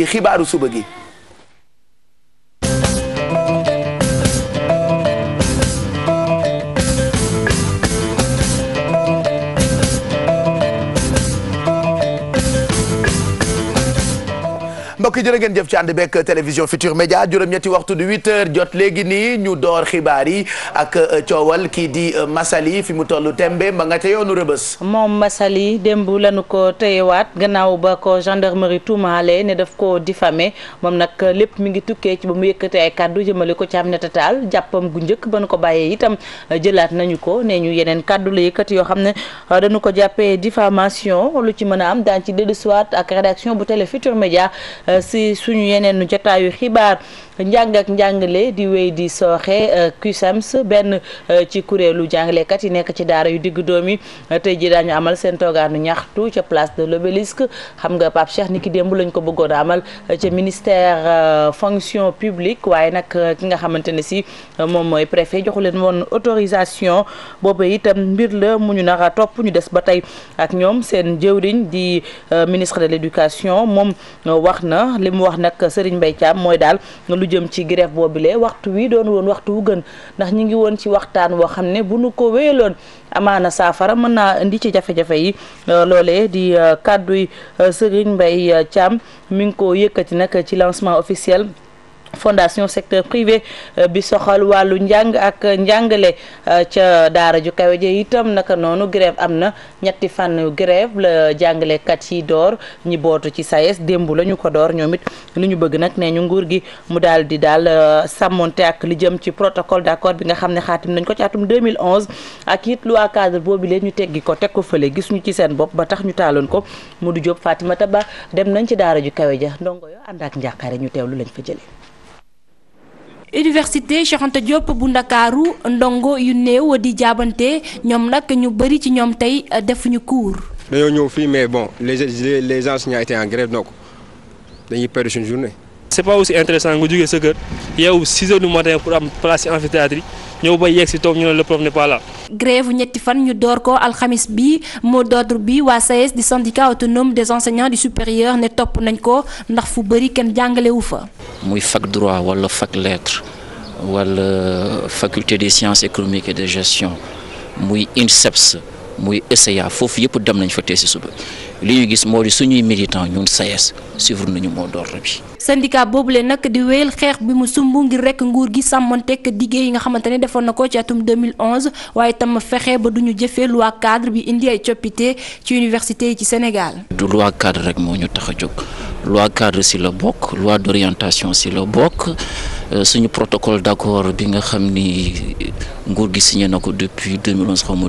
xibaaru suba gi mbokk yi jërë ngeen jëf ci ànd beeg télévision Futur Média juróom-ñetti waxtu du 8 heures jot léegi nii ñu door xibaar yi ak euh, coowal kii di euh, Massaly fi ma nga ca ko téyewaat gannaaw ba ko gendarmerie tuumaale ne ngi tukkee ci ba mu yëkkate ay kàddu ko ci Aminata Tall jàppam gu njëkk ba nu ko bàyyee itam euh, jëlaat nañu ko nee ñu yeneen kàddu la yëkkati yoo xam ne dañu ko jàppee diffamation lu ci mën a am daan ci dellusiwaat ak rédaction bu télé Futur Média si suñu yeneen jotaayu xibaar njàng ak njàngale di wéy di sooxe euh, CUSAMS benn euh, ci kuréelu jàngalekat yi nekk ci daara yu digg doom yi tey ji daañu amal seen toogaanu ñaxtu ca place de l'obélisque xam nga Pape Cheikh ni ki démb lañ ko bëggoon amal euh, ca ministère fonction publique waaye nag ki nga xamante ne si moom mooy préfet joxu leen woon autorisation boobu itam mbir la mu ñu nara topp ñu des ba tey ak ñoom seen jëwriñ di ministre de l'éducation moom wax na li mu wax nag Serigne Mbaye mooy daal jëm ci grève boobule waxtu wi doon woon waxtu wu gën ndax ñi ngi woon ci waxtaan woo xam ne bu nu ko wéyaloon amaana saafara mën naa indi ci jafe-jafe yi euh, loolee di euh, kàdduy euh, Serigne mbay cam mi ngi ko yëkkati nag ci lancement officiel fondation secteur privé euh, bi soxal wàllu njàng ak njàngale euh, ca daara ju kawe ja itam naka noonu grève am na ñetti fànn grève la jàngalekat yi door ñi bootu ci SAES e démb la ñu ko door ñoom it lu ñu bëgg nag nee ñu nguur gi mu daal di daal euh, sàmmonte ak li jëm ci protocole d'accord bi nga xam ne xaatim nañ ko ci atum 2011 ak it loi cadre boobu leen ñu teggi ko teg ko fële gis ñu ci seen bopp ba tax ñu taaloon ko mu Modou Diop Fatimata Ba dem nañ ci daara ju kawe ja ndongo yo ànd ak njàqare ñu teewlu lañ fa jële université Cheikh Anta bu ndakaaru ndongo yu néew di jaabante ñoom nag ñu bëri ci ñoom tey euh, defuñu cours. dañoo ñëw fii mais bon les les enseignants étaient en grève donc dañuy perdre suñu journée. c'est pas aussi intéressant nga jógee sa kër yow 6 heures du matin pour am place ci amphithéâtre yi ñëw ba yegg si toog ñu ne le prof n'est pas là. grève ñetti fan ñu door ko alxamis bi mot d'ordre bi waa SAES e di syndicat autonome des enseignants du supérieur ne topp nañ ko ndax fu bëri kenn jàngalewu fa. muy fag droit wala fag lettre wala faculté des sciences économiques et de gestion muy INSEPS muy ESEA foofu yëpp dem nañ fa tey si suba. li ñu gis moo di suñuy militant ñun SAES suivre nañu moo door bi. boobu boobule nag di wéyal xeex bi mu sumb ngir rekk nguur gi sàmmanteeg dige yi nga xamante ne defoon na ko ci atum 2011 waaye tam fexe ba du ñu jëfee loi cadre bi indi ay coppite ci université yi ci Sénégal. du loi cadre rek moo ñu tax a jóg loi cadre si la bokk loi d'orientation si la bokk euh, suñu protocole d'accord bi nga xam ni nguur gi si signé na ko depuis 2011 xaw ma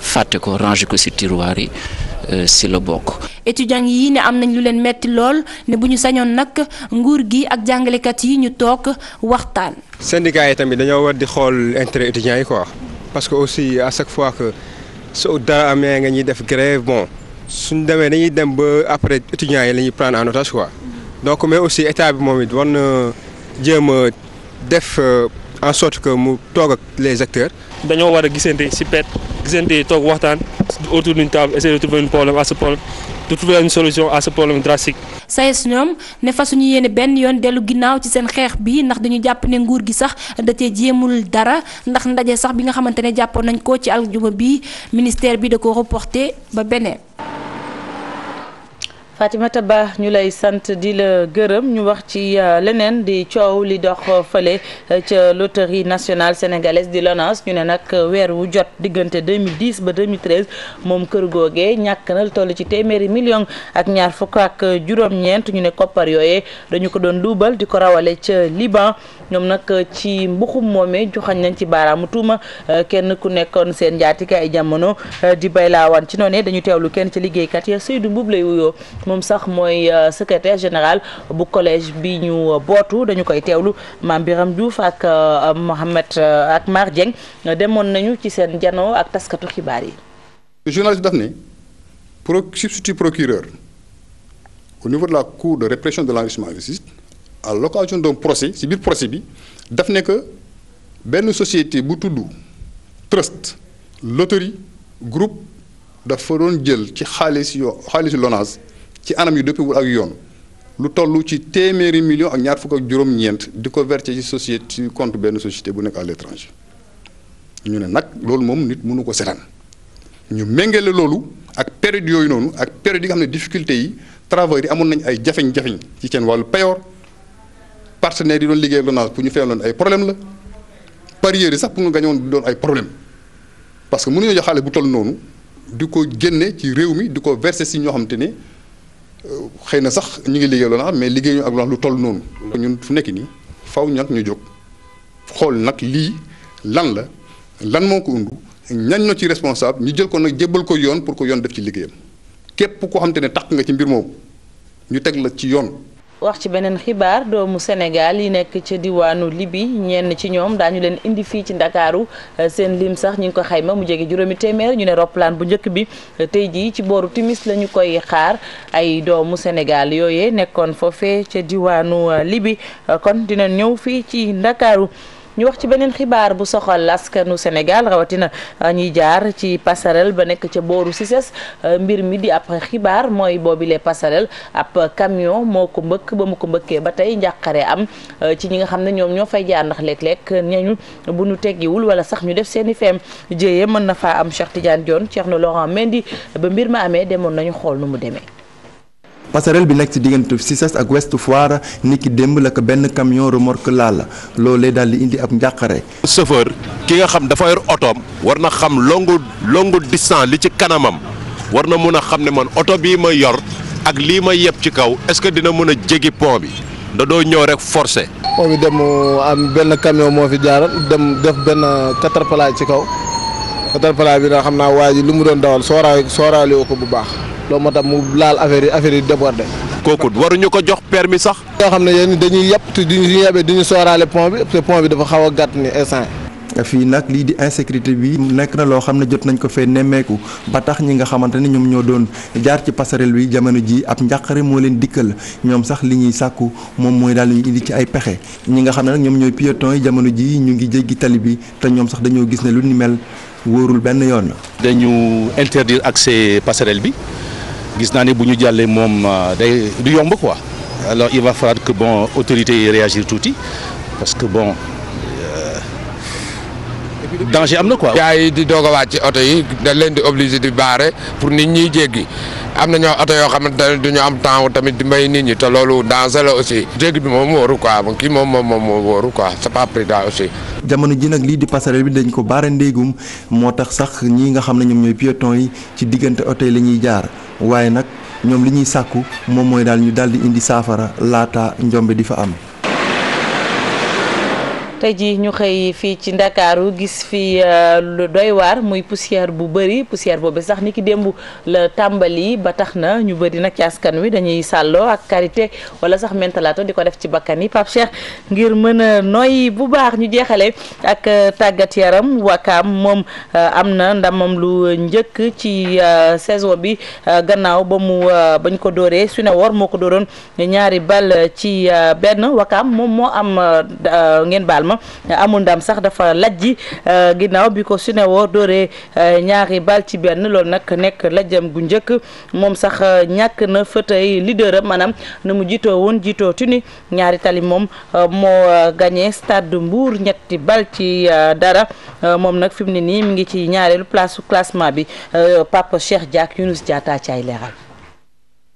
fàtte ko ranger ko ci tiroir yi si euh, la bokk. étudiants yi ne am nañ lu leen metti lool ne bu ñu sañoon nag nguur gi ak jàngalekat yi ñu toog waxtaan. syndicats yi tamit dañoo war di xool intérêt étudiants yi quoi parce que aussi à chaque fois que su dara amee nga ñuy def grève bon suñ demee dañuy dem ba après étudiants yi la ñuy prendre en otage quoi donc mais aussi état bi moom it wan na jéem a def euh, en sorte que mu toog ak les acteurs. dañoo war a gisante ci pet. gisante yi toog waxtaan autour d'une table essayer de trouver un problème à ce problème de trouver une solution à ce problème drastique. SAES ñoom ne fa suñu benn yoon dellu ginnaaw ci seen xeex bi ndax dañu jàpp ne nguur gi sax da cee jéemul dara ndax ndaje sax bi nga xamante ne jàppoon nañ ko ci aljuma bi ministère bi da ko reporté ba beneen. Fatimata Ba ñu lay sant di la gërëm ñu wax ci euh, leneen di coow li dox fële euh, ca loterie nationale sénégalaise di LONASE ñu ne nag euh, weer wu jot diggante 2010 ba 2013 moom kër googee ñàkk na toll ci téeméeri million ak ñaar fukk ak juróom-ñeent ñu ne koppar yooyee dañu ko doon luubal di ko rawale ca Liban ñoom nag ci mbuxum moomee joxañ nañ ci baaraamu tuuma kenn ku nekkoon seen njaatige jamono di bay laawan ci noonu dañu teewlu kenn ci liggéeykat ya Seydou Mboub lay wuyoo. moom sax mooy euh, secrétaire général bu collège bi ñu euh, bootu dañu koy teewlu maam Biram Diouf ak euh, Mohamed ak Mar Dieng demoon nañu ci seen janoo ak taskatu xibaar yi. journaliste daf ne pro substitut procureur au niveau de la cour de répression de l'enrichissement illicite à l'occasion d'un procès ci biir procès bi daf ne que benn société bu tudd trust loterie groupe dafa doon jël ci xaalis yoo xaalisu LONASE ci anam yu dëppiwul ak yoon lu toll ci téeméeri million ak ñaar fukk ak juróom-ñeent di ko verser ci société ci compte benn société bu nekk à l'étranger ñu ne nag loolu moom nit mënu ko seetaan ñu méngale loolu ak période yooyu noonu ak période yi nga xam ne difficulté yi travailleurs yi amoon nañ ay jafeñ-jafeñ ci seen wàllu payoor partenaires yi doon liggéey LONASE pour ñu feeñloon ay problème la parieurs yi sax pour nga gañoon doon ay problème parce que mënuñoo jox xale bu toll noonu di ko génne ci réew mi di ko verser si ñoo xam te xëy na sax ñu ngi liggéey loolu ah, mais liggéeyuñu ak lu toll noonu. la ñun fu nekk nii faw ñag ñu jóg xool nag lii lan la lan moo ko undu ñañ ñoo ci responsable ñu jël ko nag jébbal ko yoon pour ko yoon def ci liggéeyam képp koo xam te ne tax nga ci mbir moomu ñu teg la ci yoon. wax ci beneen xibaar doomu Sénégal yi nekk ca diwaanu Libi ñenn ci ñoom daañu leen indi fii ci Ndakaaru seen lim sax ñu ko xayma mu jege juróomi téeméer ñu ne roppalaan bu njëkk bi tey jii ci booru timis la ñu koy xaar ay doomu Sénégal yooye nekkoon foofee ca diwaanu euh, Libi kon dina ñëw fii ci Ndakaaru ñu wax ci beneen xibaar bu soxal askanu Sénégal rawatina ah, ñuy jaar ci passerelle ba nekk ca booru Cissés ah, mbir mi di ab xibaar mooy boobile passerelle ab camion moo ko mbëkk ba mu ko mbëkkee ba tey njàqare am ah, ci ñi nga xam ne ñoom ñoo fay jaar ndax léeg-léeg ñañu bu nu teggiwul wala sax ñu def seen i feem jéyee mën na faa am Cheikh Tidiane Dione Cheikh Laurent di ba mbir ma amee demoon nañu xool nu mu demee passerelle bi nekk ci diggante Cissesse ak Ouest Foire ni ki démb la ko benn camion remorque laal loolee daal di indi ab njàqare. chauffeur ki nga xam dafa yor otoom war na xam longue longue distance li ci kanamam war na mun a xam ne man oto bii ma yor ak lii ma yeb ci kaw est-ce que dina mën a jéggi pont bi da doo ñëw rek forcé pont bi dem euh, am benn camion moo fi jaaral dem def benn caterpillar euh, ci kaw caterpillar bi nga xam naa waa ji lu mu doon dawal sooraay sooraale ko bu baax. loolu moo tax mu laal affaire yi affaire yi débordé. kooku waruñu ko jox permis sax. yoo xam ne yéen dañuy yàpp te duñu suñu yàbbee duñu sooraale pont bi bi dafa xaw a gàtt ni instant fii nag lii di insécurité bi nekk na loo xam ne jot nañ ko fee nemmeeku ba tax ñi nga xamante ne ñoom ñoo doon jaar ci passerelle bi jamono ji ab njàqare moo leen dikkal ñoom sax li ñuy sàkku moom mooy daal ñu indi ci ay pexe ñi nga xam ne nag ñoom ñooy piétons yi jamono ji ñu ngi jéggi tali bi te ñoom sax dañoo gis ne lu ni mel wóorul benn yoon. dañu interdire accès passerelle bi. gis naa ne bu ñu jàllee moom euh, day du yomb quoi alors il va falloir que bon autorités yi réagir tuuti parce que bon danger am na quoi. yaay di doog a ci oto yi dañ leen di obligé di baare pour nit ñi jéggi am na ñoo oto yoo xamante ne du ñu am temps tamit di may nit ñi te loolu danger la aussi. jéggi bi moom wóoru quoi kii moom moom moom wóoru quoi c'est pas prudent aussi. jamono ji nag lii di passerelle bi dañ ko baare ndéegum moo tax sax ñii nga xam ne ñoom ñooy piétons yi ci diggante oto yi ñuy jaar waaye nag ñoom li ñuy sàkku moom mooy daal ñu daal di indi saafara laata njombe di fa am. tey jii ñu xëy fii ci ndakaaru gis fii euh, lu doy waar muy poussière bu bëri poussière boobu sax ni ki démb la tàmbali ba tax na ñu bëri nag ci askan wi dañuy sàlloo ak karité wala sax mentalato di ko def ci bakkan yi Pape Cheikh ngir mën a bu baax ñu jeexale ak euh, tàggat yaram wakaam moom euh, am na ndamam lu njëkk ci saison bi gannaaw ba mu bañ ko dooree su ne wor moo ko dooroon ñaari bal ci benn wakaam moom moo am ngeen baal ma amul ndam sax dafa lajji euh, ginnaaw bi ko Sunéwo dooree euh, ñaari bal ci benn lool nag nekk lajjam gu njëkk moom sax euh, ñàkk na fauteuil leader am maanaam na mu jiitoo woon jiitoo tuni ñaari tali moom moo gagné stade mbuur Mbour ñetti bal ci dara moom nag fi mu ne nii mu ngi ci ñaareelu place classement bi Papa Cheikh Diak Younous Diatta ci ay leeral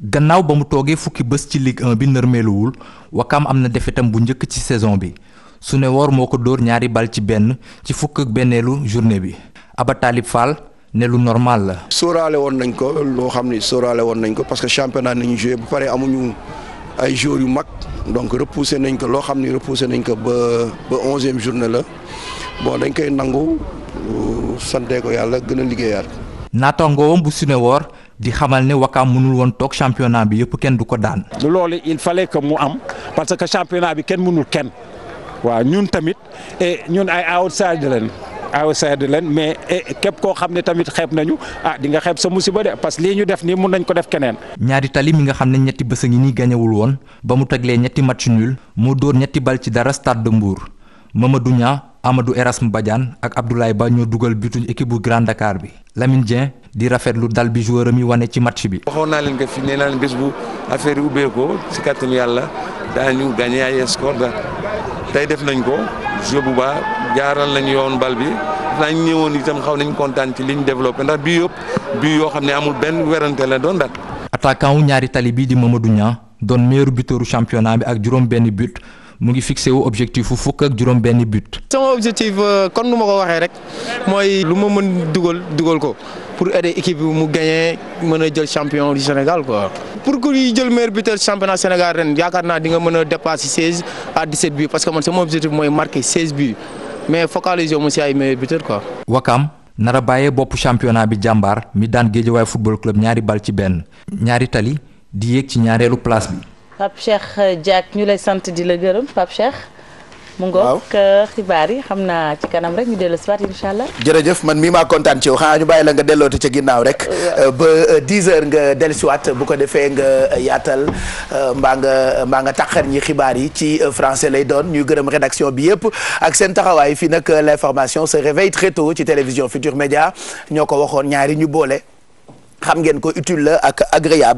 gannaaw ba mu toogee fukki bés ci Ligue 1 bi nërmeeluwul Wakam am na defetam bu njëkk ci saison bi Sunéwor moo ko dóor ñaari bal ci benn ci fukk ak benneelu journée bi Aba Talib Fall ne lu normal la. sooraale woon nañ ko loo xam ne sóoraale woon nañ ko parce que championnat nañu joué bu paree ay joueurs yu mag donc repoussé nañ ko loo xam ne repoussé nañ ko ba ba onzième journée la bon dañ koy nangu sante ko yàlla gën a liggéeyaat. naataangoowam bu Sunéwor di xamal ne Wakaam mënul woon toog championnat bi yëpp kenn du ko daan. loolu il fallait que mu am parce que bi kenn mënul kenn. waaw ñun tamit et eh, ñun ay outside leen outside leen mais eh, képp koo xam ne tamit xeeb nañu ah di nga xeeb sa musiba de parce que li ñu def nii mun nañ ko def keneen. ñaari tali mi nga xam ne ñetti bés a ngi nii gañewul woon ba mu teglee ñetti match nul moo dóor ñetti bal ci dara stade de Mbour Mamadou Niang Amadou Erasme Badiane ak Abdoulaye Ba ñoo dugal bitu équipe bu Grand Dakar bi Lamine Dieng di rafetlu dal bi joueur am wane ci match bi. waxoon naa leen que fii nee naa leen bés affaire yi ubbeekoo si kàttanu yàlla daañu gagné ay tey def nañ ko jeu bu baax jaaral nañu yoon bal bi nañ ñëwoon itam xaw nañu kontaan ci liñ développé ndax bii yëpp bii yoo xam ne amul benn werante la doon daal. attaquant ñaari tali bii di Mamadou Niang doon meilleur buteur championnat bi ak juróom benn but. mu ngi fixé wu objectif fu fukk ak juróom benn but. sama objectif kon euh, nu ma ko waxee rek mooy lu ma mën dugal dugal ko pour aider équipe bi mu gagné mën a jël champion du Sénégal quoi. pour que ñu jël meilleur buteur championnat Sénégal ren yaakaar naa di nga mën a dépasser seize à dix parce que man sama objectif mooy marqué seize buts mais focaliser wu ma si ay meilleur buteur quoi. Wakam. nara bàyyee bopp championnat bi jàmbaar mi daan géejawaay football club ñaari bal ci benn ñaari tali di yéeg ci ñaareelu place bi Pape Cheikh euh, Diack ñu lay sant di la gërëm Pape Cheikh. mu ngoog euh, xibaar yi xam naa ci kanam rek ñu dellu si waat incha allah. jërëjëf man mii maa kontaan ci yow xanaa ñu bàyyi la nga dellooti ca ginnaaw rek. Euh, ba 10 heures nga dellu si bu ko defee nga yaatal mbaa nga mbaa nga taxar ñi xibaar yi ci français lay doon ñuy gërëm rédaction bi yëpp ak seen taxawaay fii nag l' information se réveille très tôt ci télévision Futur Média ñoo ko waxoon ñaari ñu boole xam ngeen ko utile la ak agréable.